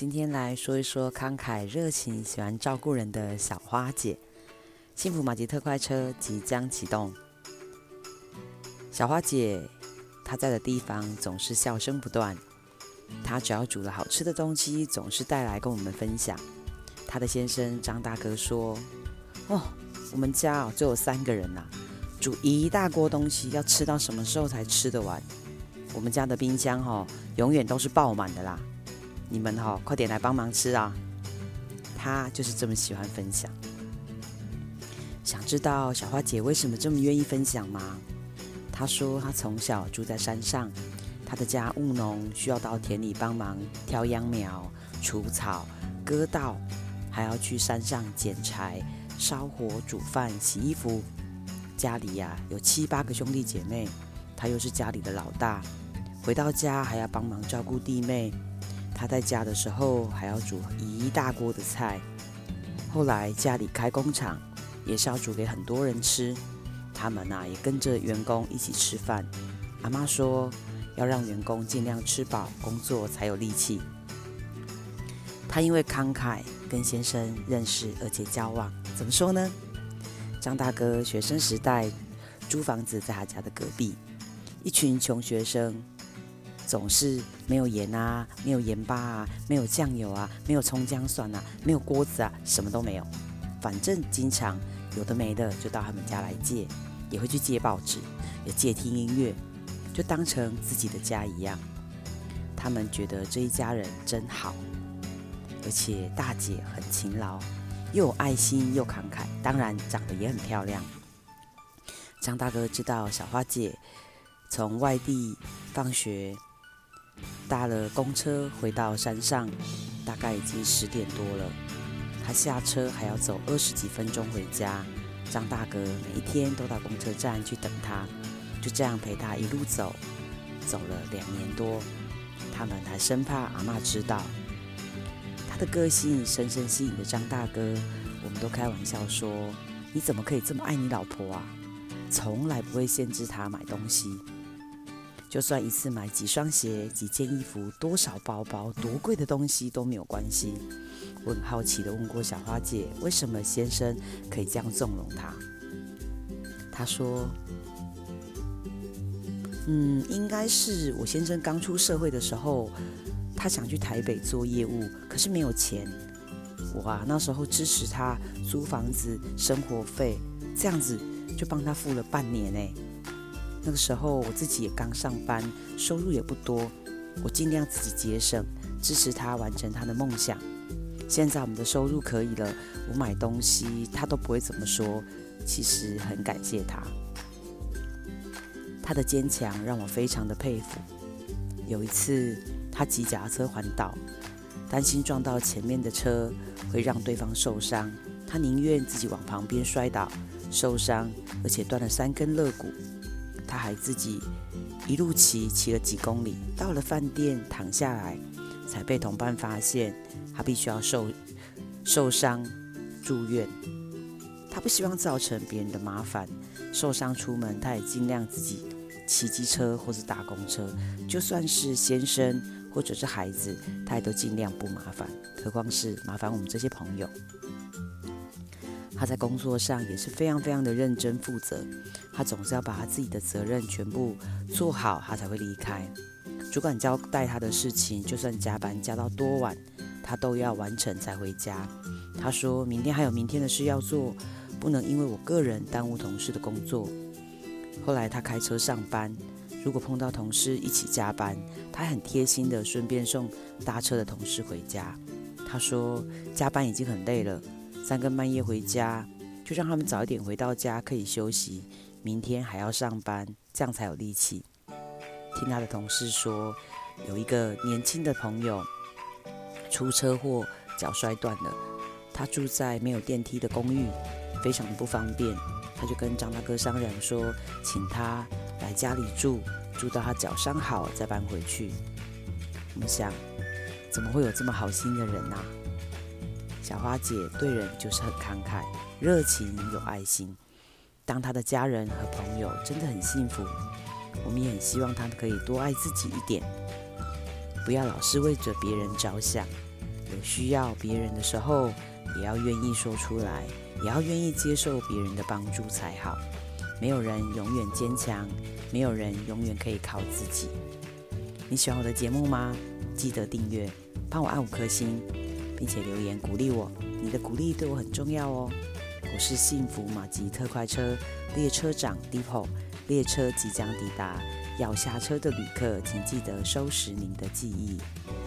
今天來說一說慷慨、熱情、喜歡照顧人的小花姐。幸福馬吉特快車即將啟動。小花姐，她在的地方總是笑聲不斷。她只要煮了好吃的東西，總是帶來跟我們分享。她的先生張大哥說：“哦，我們家哦就有三個人吶、啊，煮一大鍋東西要吃到什麼時候才吃得完？我們家的冰箱哦，永遠都是爆滿的啦。”你們好、哦、快點來幫忙吃啊、哦！她就是這麼喜歡分享。想知道小花姐為什麼這麼願意分享嗎？她說她從小住在山上，她的家務農需要到田裡幫忙挑秧苗、除草、割稻，還要去山上撿柴、燒火、煮飯、洗衣服。家裡呀、啊、有七八個兄弟姐妹，她又是家裡的老大，回到家還要幫忙照顧弟妹。他在家的時候還要煮一大鍋的菜，後來家裡開工廠，也是要煮給很多人吃。他們啊也跟着員工一起吃飯。阿媽說要讓員工盡量吃飽，工作才有力氣。他因為慷慨跟先生認識而且交往，怎麼說呢？張大哥學生時代租房子在他家的隔壁，一群窮學生。總是沒有鹽啊，沒有鹽巴啊，沒有醬油啊，沒有蔥薑蒜啊，沒有鍋子啊，什麼都沒有。反正經常有的沒的就到他們家來借，也會去借報紙，也借聽音樂，就當成自己的家一樣。他們覺得這一家人真好，而且大姐很勤勞，又有愛心又慷慨，當然長得也很漂亮。張大哥知道小花姐從外地放學。搭了公車回到山上，大概已經十點多了。他下車還要走二十幾分鐘回家。張大哥每一天都到公車站去等他，就這樣陪他一路走，走了兩年多。他們還生怕阿嬤知道。他的個性深深吸引著張大哥，我們都開玩笑說：你怎麼可以這麼愛你老婆啊？從來不會限制他買東西。就算一次買幾雙鞋、幾件衣服、多少包包、多貴的東西都沒有關係。我很好奇地問過小花姐，為什麼先生可以這樣縱容她？她說：“嗯，應該是我先生剛出社會的時候，他想去台北做業務，可是沒有錢。我啊，那時候支持他租房子、生活費，這樣子就幫他付了半年哎。”那個時候我自己也剛上班，收入也不多，我盡量自己節省，支持他完成他的夢想。現在我們的收入可以了，我買東西他都不會怎麼說，其實很感謝他。他的堅強讓我非常的佩服。有一次他騎腳踏車環島，擔心撞到前面的車會讓對方受傷，他寧願自己往旁邊摔倒受傷，而且斷了三根肋骨。他還自己一路騎，騎了幾公里，到了飯店躺下來，才被同伴發現。他必須要受受傷住院。他不希望造成別人的麻煩，受傷出門他也儘量自己騎機車或是搭公車。就算是先生或者是孩子，他也都儘量不麻煩，何況是麻煩我們這些朋友。他在工作上也是非常非常的認真負責，他總是要把他自己的責任全部做好，他才會離開。主管交代他的事情，就算加班加到多晚，他都要完成才回家。他說明天還有明天的事要做，不能因為我個人耽誤同事的工作。後來他開車上班，如果碰到同事一起加班，他很貼心的順便送搭車的同事回家。他說加班已經很累了。三更半夜回家，就讓他們早一點回到家可以休息，明天還要上班，這樣才有力氣。聽他的同事說，有一個年輕的朋友出車禍腳摔斷了，他住在沒有電梯的公寓，非常的不方便。他就跟張大哥商量說，請他來家裡住，住到他腳傷好再搬回去。我們想，怎麼會有這麼好心的人呢、啊？小花姐對人就是很慷慨、熱情有愛心，當她的家人和朋友真的很幸福。我們也很希望她可以多愛自己一點，不要老是為着別人着想，有需要別人的時候也要願意說出來，也要願意接受別人的幫助才好。沒有人永遠堅強，沒有人永遠可以靠自己。你喜歡我的節目嗎？記得訂閱，幫我按五顆星。並且留言鼓勵我，你的鼓勵對我很重要哦。我是幸福馬吉特快車列車長 Deepo，列車即將抵達，要下車的旅客請記得收拾您的記憶。